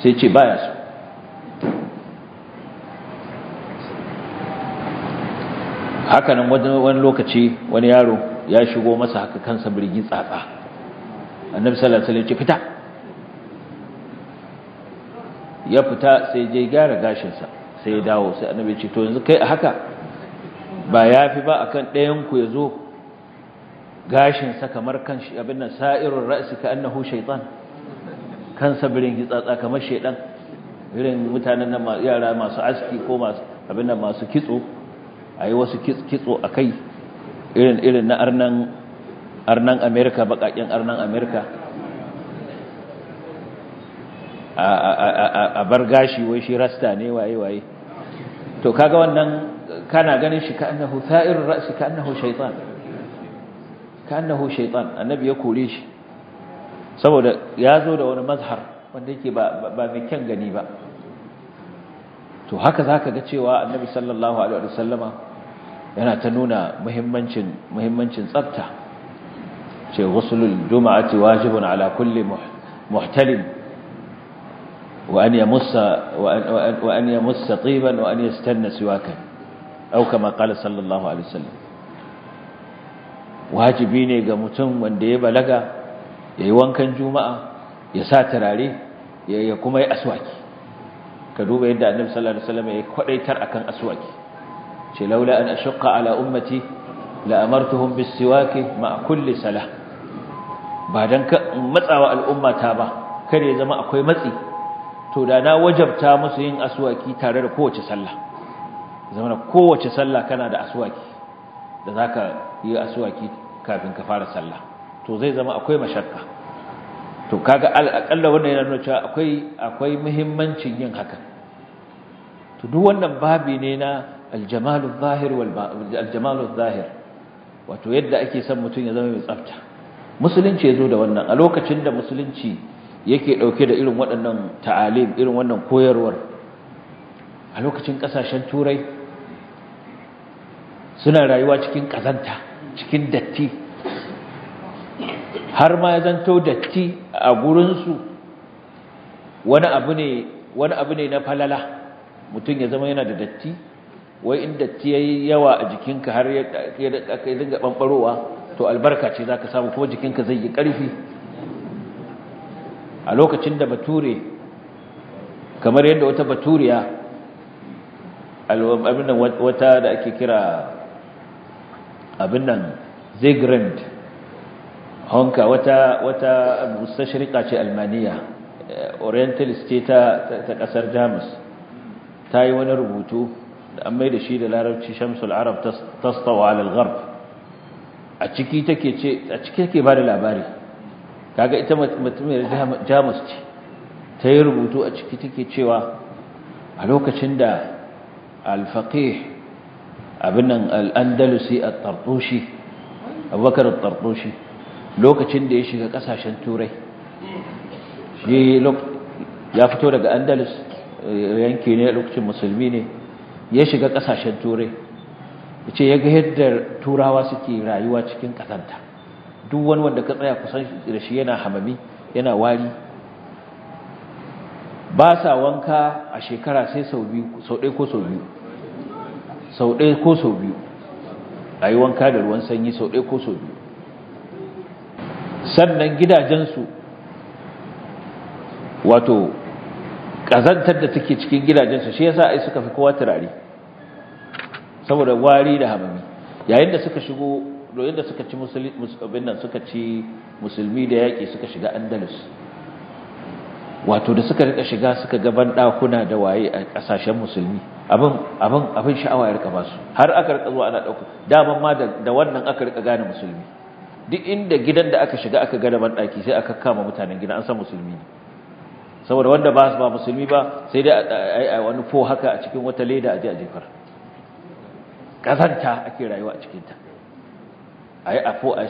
sai ce baya su hakanan wani lokaci wani yaro ya shigo masa haka kansa birgi tsatsa annabi sallallahu alaihi wasallam ya fita ya fita sai je gyara gashinsa sai ya dawo sai annabi ya ce to yanzu kai a haka ba ya fi ba akan ɗayan ku yazo zo gashinsa kamar kan abin nan sa'irul ra'si ka annahu shaytan kansa birgi tsatsa kamar shaydan irin mutanen nan yara masu aski ko masu abin nan masu kitso a yi wasu kitso a kai irin irin na arnan amerika bakakken arnan amerika a bar gashi wai shi rasta ne waye-waye to kaga wannan kana ganin shi ka annahu sa'irin ra'si ka annahu shaitan ka annahu shaitan annabi ya kore shi saboda ya zo da wani mazhar wanda yake ba mai kyan gani ba to haka zaka ga cewa annabi sallallahu alaihi wasallama yana ta nuna muhimmancin muhimmancin tsafta ce ghuslul juma'ati wajibun ala kulli muhtalim wa an yamussa wa an yamussa tiban wa an yastanna siwakan aw kama qala sallallahu alaihi wasallam wajibi ne ga mutum wanda ya balaga yayi wankan juma'a ya sa turare ya kuma yi aswaki ka duba yadda annabi sallallahu alaihi wasallam ya kwadaitar akan aswaki ce laula an ashqa ala ummati la amartuhum bis siwaki ma kulli salah ba dan ka matsawa al'umma ta ba kare zama akwai matsi to da na wajabta musu yin aswaki tare da kowace sallah zama da kowace sallah kana da aswaki da zaka yi aswaki kafin ka fara sallah to zai zama akwai mashakka to kaga alƙalla wannan yana nuna cewa akwai akwai muhimmancin yin haka to duk wannan babi ne na aljamalu zahir wal aljamalu zahir wato yadda ake son mutum ya zama mai tsafta musulunci yazo da wannan a lokacin da musulunci yake dauke da irin waɗannan ta'alim irin wannan koyarwar a lokacin kasashen turai suna rayuwa cikin kazanta cikin datti har ma ya zanto datti a gurinsu wani abu ne na falala mutum ya zama yana da datti wai in datti ya yi yawa a jikinka har ya dinga ɓanɓarowa to albarka ce za ka samu kuma jikinka zai yi ƙarfi a lokacin da bature kamar yadda wata baturiya abin wata da ake kira abin nan zigrand honka wata wata mustashriqa ce almaniya eh, orientalist ce ta ta kasar jamus ta yi wani rubutu da an mai da shi da larabci shamsul arab ta ala al-gharb a ciki take ce a ciki take ba da labari kaga ita mutumiyar jamus ce ta yi rubutu a ciki take cewa a lokacin da al-faqih abin nan al-andalusi at-tartushi abubakar at-tartushi lokacin da ya shiga kasashen turai shi ya fito daga andalus eh, yanki ne lokacin musulmi ne ya shiga kasashen turai Ya ce ya ga yadda turawa suke rayuwa cikin kasanta duk wani wanda ka tsaya kusan da shi yana hamami yana wari ba sa wanka a shekara sai sau ɗaya ko sau biyu sau ɗaya ko sau biyu a yi wanka da ruwan sanyi sau ɗaya ko sau biyu sannan gidajensu wato ƙazantar da take cikin gidajensu shi yasa ai suka fi kowa turare saboda wari da hamami yayin da suka shigo da suka ci musulmin suka ci musulmi da yaƙi suka shiga andalus wato da suka rika shiga suka gaban ɗakuna da waye a ƙasashen musulmi abin sha'awa ya rika ba su, har aka rika zuwa ana ɗauka daman ma da wannan aka rika gane musulmi duk inda gidan da aka shiga aka gada banɗaki sai aka kama mutanen gida an san musulmi ne saboda wanda ba ba musulmi ba sai dai a yi wani fo haka a cikin wata leda a je a jefar ƙazanta ake rayuwa a cikinta a yi afo a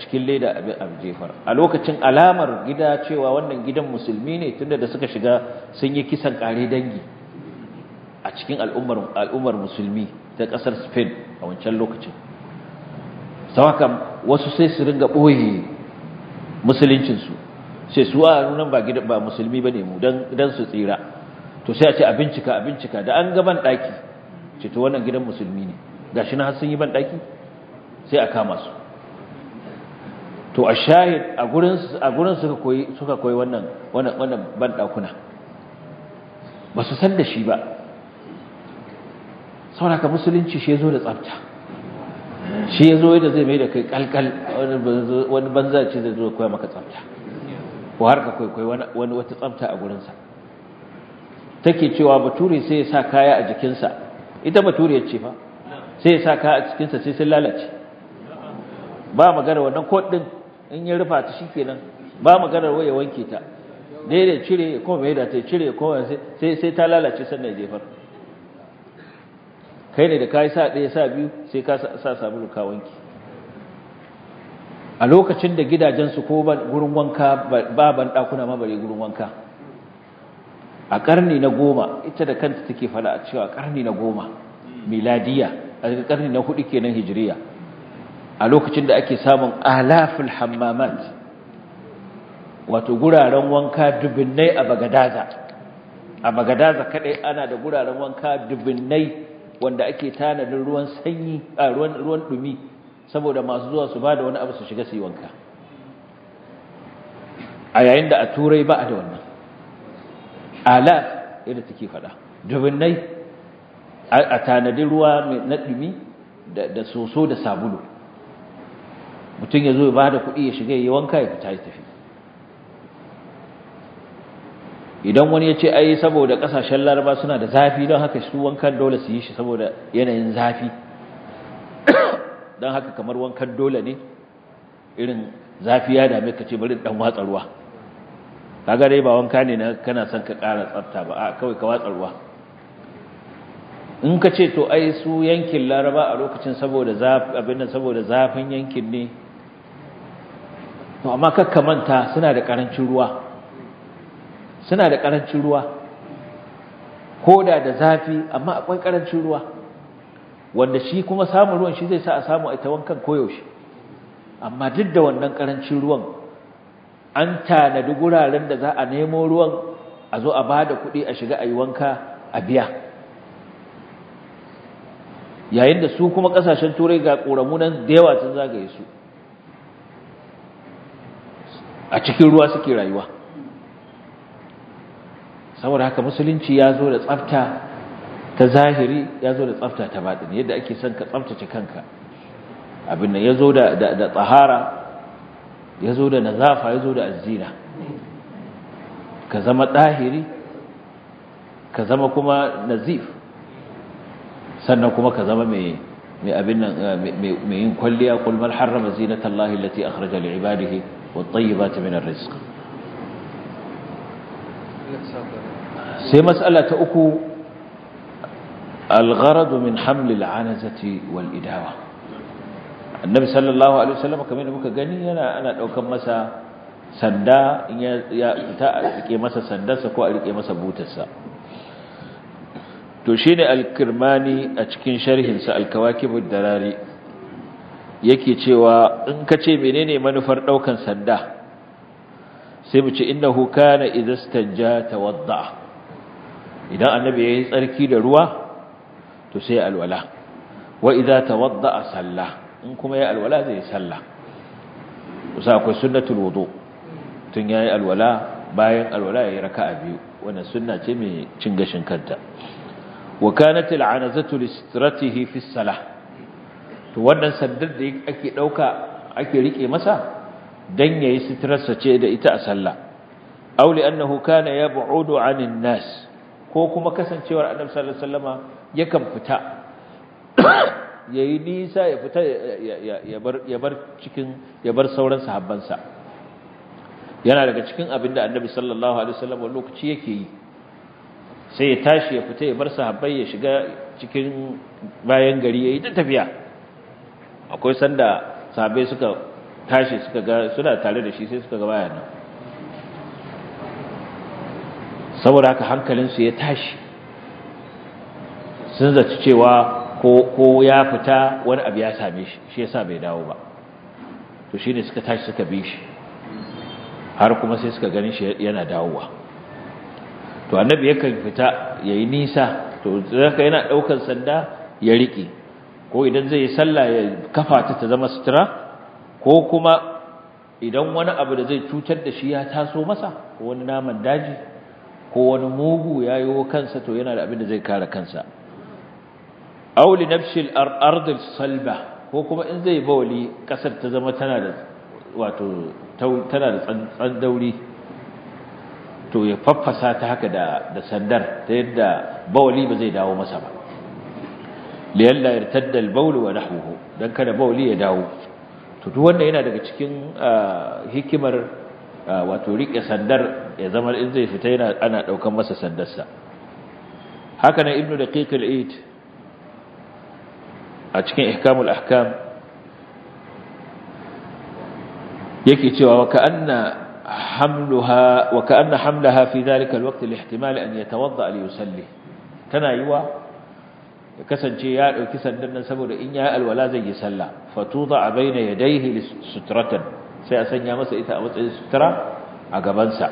cikin leda a jefar a lokacin alamar gida cewa wannan gidan musulmi ne tunda da suka shiga sun yi kisan ƙare dangi a cikin al'ummar musulmi ta ƙasar spain a wancan lokacin sawaka wasu sai su ringa boye musuluncinsu sai su a nunan ba gidan ba musulmi bane mu dan dan su tsira to sai a ce a bincika a bincika da an ga ban daki ce to wannan gidan musulmi ne gashi na har sun yi ban daki sai a kama su to a shahid a gurin a gurin suka koyi suka koyi wannan wannan wannan ban dakuna ba su san da shi ba saboda musulunci shi yazo da tsafta shi ya zo yadda zai mai da kai kalkal wani banza ce zai zo koya maka tsamta ko har ka kwaikwai wani wata tsamta a gurinsa take cewa bature sai ya sa kaya a jikinsa ita bature ya ce fa sai ya sa kaya a jikinsa sai sun lalace ba magana wannan kodin in ya rufa ta shikenan ba magana waya wanke ta daidai cire ko mai da ta cire ko sai sai ta lalace sannan jefar kai ne da ka yi sa ɗaya sa biyu sai ka sa sabulu ka wanki a lokacin da gidajensu ko gurin wanka ba ban ɗakuna ma bare gurin wanka a ƙarni na goma ita da kanta take fada a cewa ƙarni na goma miladiya a ƙarni na hudu kenan hijiriya a lokacin da ake samun alaful hammamat wato guraren wanka dubinnai a bagadaza a bagadaza kadai ana da guraren wanka dubinnai wanda ake tanadin ruwan sanyi a ruwan ruwan dumi saboda masu zuwa su bada wani abu su shiga su yi wanka a yayin da a turai ba a da wannan ala yadda take faɗa dubinnai a tanadin ruwa na dumi da soso da sabulu mutum ya zo ya bada kuɗi ya shiga ya yi wanka ya fita ya tafi idan wani ya ce ai saboda kasashen laraba suna da zafi don haka su wankan dole su yi shi saboda yanayin zafi [coughs] don haka kamar wankan dole ne irin zafi ya dame ka ce bari dan watsa ruwa kaga dai ba wanka ne na kana son ka ƙara tsafta ba a kawai ka watsa ruwa in ka ce to ai su yankin laraba a lokacin saboda zafi abin saboda zafin yankin ne to amma kakka manta suna da ƙarancin ruwa suna da ƙarancin ruwa koda da zafi amma akwai ƙarancin ruwa wanda shi kuma samun ruwan shi zai sa a samu a ita wankan koyaushe amma duk da wannan ƙarancin ruwan an tanadi guraren da za a nemo ruwan a zo a ba da kuɗi a shiga a yi wanka a biya yayin da su kuma ƙasashen turai ga ƙoramu nan da yawa sun zagaye su a cikin ruwa suke rayuwa saboda haka musulunci ya zo da tsafta ta zahiri ya zo da tsafta ta baɗin yadda ake son ka tsaftace kanka abin nan ya zo da tsahara ya zo da nazafa ya zo da azina ka zama ɗahiri ka zama kuma nazif sannan kuma ka zama mai mai abin nan eh, mai yin kwalliya qul man harrama zinatallahi allati wa li'ibadihi ba ta minar rizq sai matsala ta uku algharadu min hamlil anazati wal idawa annabi sallallahu alaihi wasallam kamar da muka gani yana ana daukan masa sanda in ya ta rike masa sandarsa ko a rike masa butarsa to shine al a cikin sharhin sa al-kawakibud darari yake cewa in ka ce menene manufar daukan sanda sai mu ce innahu kana idza stanja tawadda idan annabi ya yi tsarki da ruwa to sai alwala wa idza tawadda salla in kuma yayi alwala zai salla kusa akwai sunnatul wudu tun yayi alwala bayan alwala yayi raka'a biyu wannan sunna ce mai cin gashin kanta wa kanat al'anazatu listratihi fi salah to wannan saddar da ake dauka ake rike masa dan yayi sitrarsa ce da ita a sallah aw li annahu kana yab'udu 'anil nas ko kuma kasancewar annabi sallallahu alaihi wasallama yakan fita [coughs] yayi nisa ya fita ya bar ya bar cikin ya bar sauran sahabbansa yana daga cikin abin da annabi sallallahu alaihi wasallama lokaci yake yi sai ya tashi ya fita ya bar sahabbai ya shiga cikin bayan gari yayi ta tafiya akwai sanda sahabbai suka tashi suka ga suna tare da shi sai suka ga nan. saboda haka hankalinsu ya tashi sun zaci cewa ko ya fita wani abu ya same shi shi sa bai dawo ba to shi ne suka tashi suka bi shi har kuma sai suka ganin shi yana dawowa to annabi yakan fita ya yi nisa to zaka yana daukan sanda ya riƙe ko idan zai yi sallah ya kafa ta ta zama sutura ko kuma idan wani abu da zai cutar da shi ya taso masa ko wani naman daji ko wani mugu ya yi kansa to yana da abin da zai kare kansa auli nafshil ardil salba ko kuma in zai bawali kasar ta zama tana da wato tana da dauri to ya faffasa ta haka da da sandar ta yadda bawali ba zai dawo masa ba liyalla irtadda al-bawl wa nahwuhu dan kada bawli ya dawo to duk wanda yana daga cikin ah, hikimar wato rike sandar ya zama in zai fita yana ana daukan masa sandarsa haka nan ibnu daqiq al-eid a cikin ihkamul ahkam yake cewa wa ka'anna hamluha wa ka'anna hamlaha fi dhalika al-waqt al-ihtimal an yatawadda li yusalli tana yiwa ya kasance ya dauki sandar nan saboda in ya alwala zai yi sallah fatuda baina yadayhi lisutratan sai a sanya masa ita a matsayin sutura a gabansa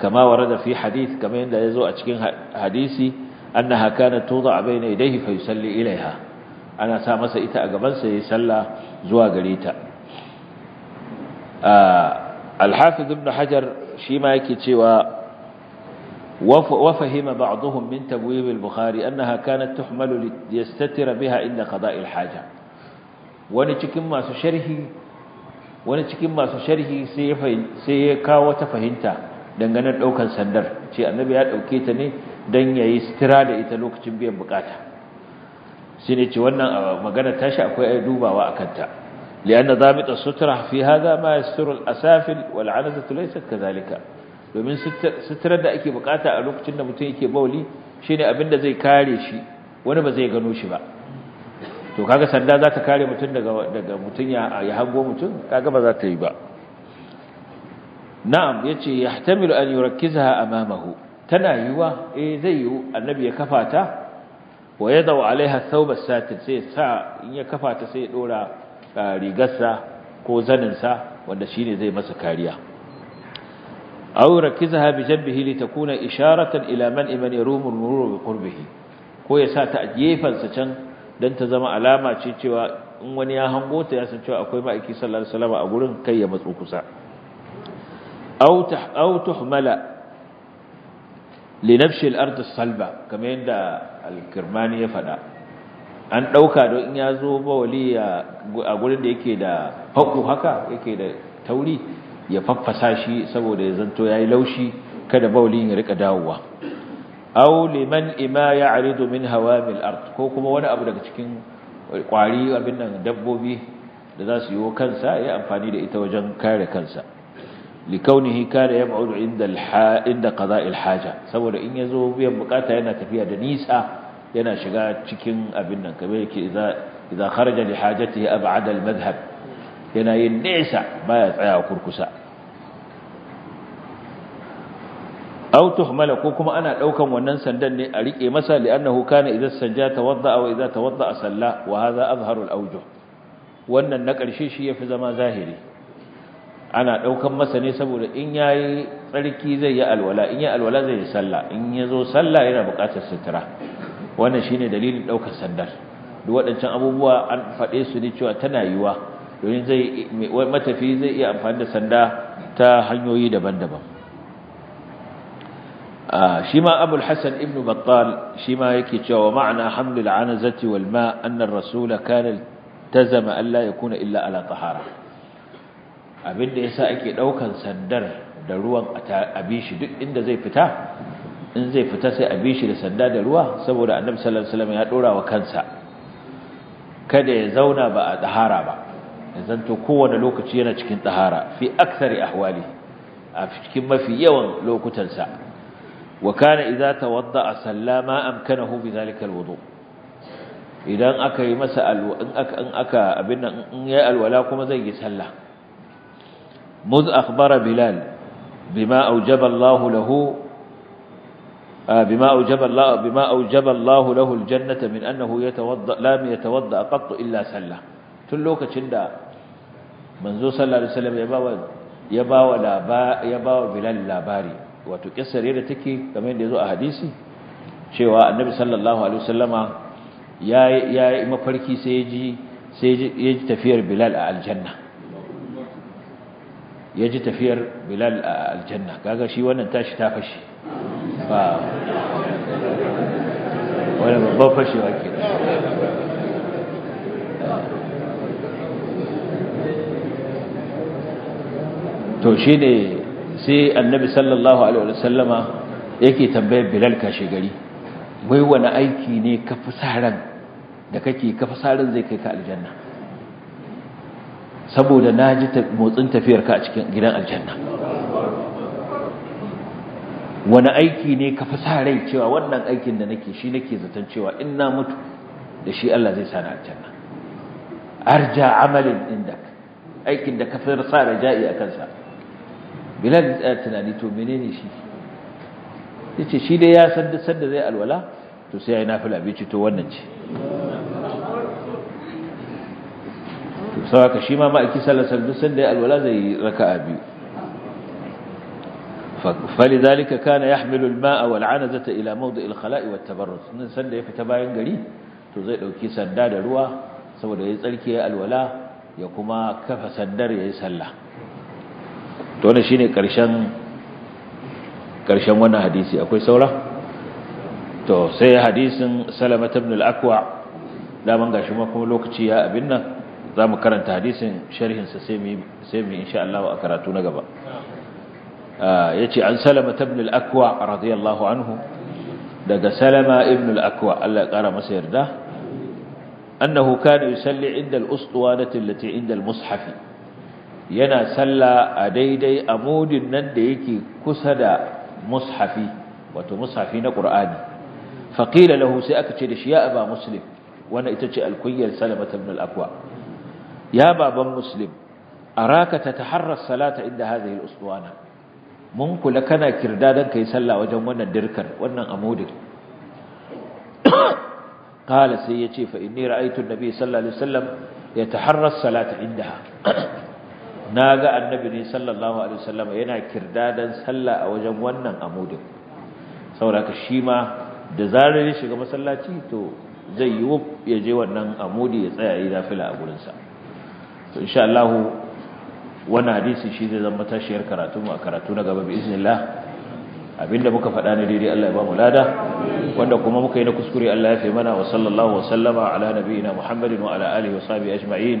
kama warada fi hadith kamar yadda ya zo a cikin hadisi annaha kanat tuda baina yadayhi fa yusalli ilaiha ana sa masa ita a gabansa yayin sallah zuwa gare ta ah, al ibn hajar shi ma yake cewa وفهم بعضهم من تبويب البخاري أنها كانت تحمل ليستتر بها عند قضاء الحاجة ونشكم ما سشره wani cikin masu sharhi sai ya kawo wata fahimta dangane daukan sandar ce annabi ya dauke ta ne dan yayi stira da ita lokacin biyan bukata shi ne ce wannan magana tashi akwai ai dubawa akan ta lianna dhabit as-sutra fi hadha ma yasturu al-asafil wal 'anazatu laysa kadhalika domin sitira da ake bukata a lokacin da mutum yake bauli shine abinda zai kare shi wani ba zai gano shi ba to kaga sanda za ta kare mutum daga mutum ya hango mutum kaga ba za ta yi ba na'am yace yahtamilu an yi a mamahu. tana yiwa eh zai yiwu annabi ya kafa ta wa yadau alaiha thawb as sai sa in ya kafa ta sai ya dora rigarsa ko zanin sa wanda shine zai masa kariya aw rakkizaha bi jabbihi litakuna isharatan ila man man yarumu al-murur bi qurbihi ko ya sa ta gefansa can dan ta zama alama ce cewa in wani ya hango ta ya san cewa akwai ma'aiki sallallahu alaihi a gurin kai ya matsu kusa aw tah aw tuhmala al-ard as-salba kamar yadda al ya fada an dauka don in ya zo ba a gurin da yake da haƙu haka yake da tauri ya faffasa shi saboda ya zanto yayi laushi kada bawlin ya rika dawowa aw liman ima ya'ridu min hawamil ard ko kuma wani abu daga cikin kwari abin nan dabbobi da za su yiwo kansa ya amfani da ita wajen kare kansa likaunihi kana yab'ud inda inda qada'il haja saboda in yazo biyan bukata yana tafiya da nisa yana shiga cikin abin nan kamar yake idza idza kharaja li hajatihi ab'ada al madhhab yana yin nisa baya tsaya kurkusa aw tuhmala ko kuma ana daukan wannan sandan ne a rike masa li'annahu kana idza sanja tawadda aw idza tawadda salla wa hadha azharu al-awjuh wannan na karshe shi yafi zama zahiri ana daukan masa ne saboda in yayi tsarki zai yi alwala in yayi alwala zai yi sallah in yazo sallah yana buƙatar sutura wannan shine dalilin daukar sandar duk wadancan abubuwa an faɗe su ne cewa tana yiwa domin zai matafi zai iya amfani da sanda ta hanyoyi daban-daban shi ma abul hasan ibn battal shi yake cewa ma'ana hamlul anazati wal ma anna ar-rasul kana tazama alla yakuna illa ala tahara abinda yasa ake ɗaukan sandar da ruwan abishi duk inda zai fita in zai fita sai abishi da sanda da ruwa saboda annabi sallallahu ya dora kansa kada ya zauna ba a tahara ba ya zanto kowane lokaci yana cikin tahara fi aksari ahwali a cikin mafi yawan lokutansa Wakana kana idza tawadda sallama amkanahu bi zalika alwudu idan aka yi masa alwa in aka in aka abin nan in yayi alwala kuma zai yi sallah muz akhbara bilal bima awjaba Allah lahu bima awjaba Allah bima awjaba Allah lahu aljannata min annahu yatawadda lam yatawadda illa sallah tun lokacin da manzo sallallahu alaihi wasallam ya bawa ya bawa labari ya bawa bilal labari wato kissar yadda take kamar yadda yazo a hadisi cewa annabi sallallahu alaihi wasallama ya yi mafarki sai ya ji sai ya ji tafiyar bilal a aljanna ya ji tafiyar bilal a aljanna kaga shi wannan tashi ta fashi ba wani babban fashewa ke to shi ne sai annabi sallallahu alaihi sallama yake tambayar bilal kashe gari wai wani aiki ne ka fi sa ran da kake ka fi sa ran zai kai ka aljanna saboda na ji motsin tafiyar ka a cikin gidan aljanna wani aiki ne ka fi sa cewa wannan aikin da nake shi nake zaton cewa in na mutu da shi Allah zai sa na aljanna arja amalin indak aikin da ka fi sa ja'i a kansa bilal ya tsaya tunani to menene shi yace shi dai ya san duk sanda zai alwala to sai ya yi nafila bai ce to wannan ce to sai ka shi ma ma aiki alaihi wasallam duk ya alwala zai yi raka'a biyu فلذلك كان يحمل الماء والعنزة إلى موضع الخلاء والتبرز ya fita bayan gari to zai dauki sanda da ruwa saboda ya tsarki ya alwala ya kuma kafa sandar yayin sallah to shi shine karshen karshen wannan hadisi akwai saura to sai hadisin Salama ibn al da gashi kuma lokaci ya abin nan zamu karanta hadisin sharhinsa sai mu sai insha Allah a karatu na gaba ah, yace an Salama ibn al radiyallahu anhu daga Salama ibn al Allah ya kara masa yarda annahu kana salli inda al na allati inda al mushafi yana sallah a daidai amudin nan da yake kusa da mushafi wato mushafi na qur'ani faqila lahu sai aka ce da shi ya aba muslim wannan ita ce alkunyar salamata ibn al-aqwa ya baban muslim araka tataharra salata inda hadhihi al mun kula kana kirda dan kai salla wajen wannan dirkar wannan amudin قال سيتي فإني رأيت النبي صلى الله عليه وسلم يتحرى الصلاة عندها na ga annabi ne sallallahu alaihi wasallam yana kirdadan sallah a wajen wannan amudin saboda ka shi ma da zarar ya shiga masallaci to zai yi wuf ya je wannan amudi ya tsaya yi zafila a gurinsa to insha Allah wannan hadisi shi zai zama tashiyar karatu mu a karatu na gaba bi iznillah abinda muka faɗa ni daidai Allah ya ba mu lada wanda kuma muka yi na kuskure Allah ya fi mana wa sallallahu wa sallama ala nabiyina Muhammadin wa ala alihi wa sahbihi ajma'in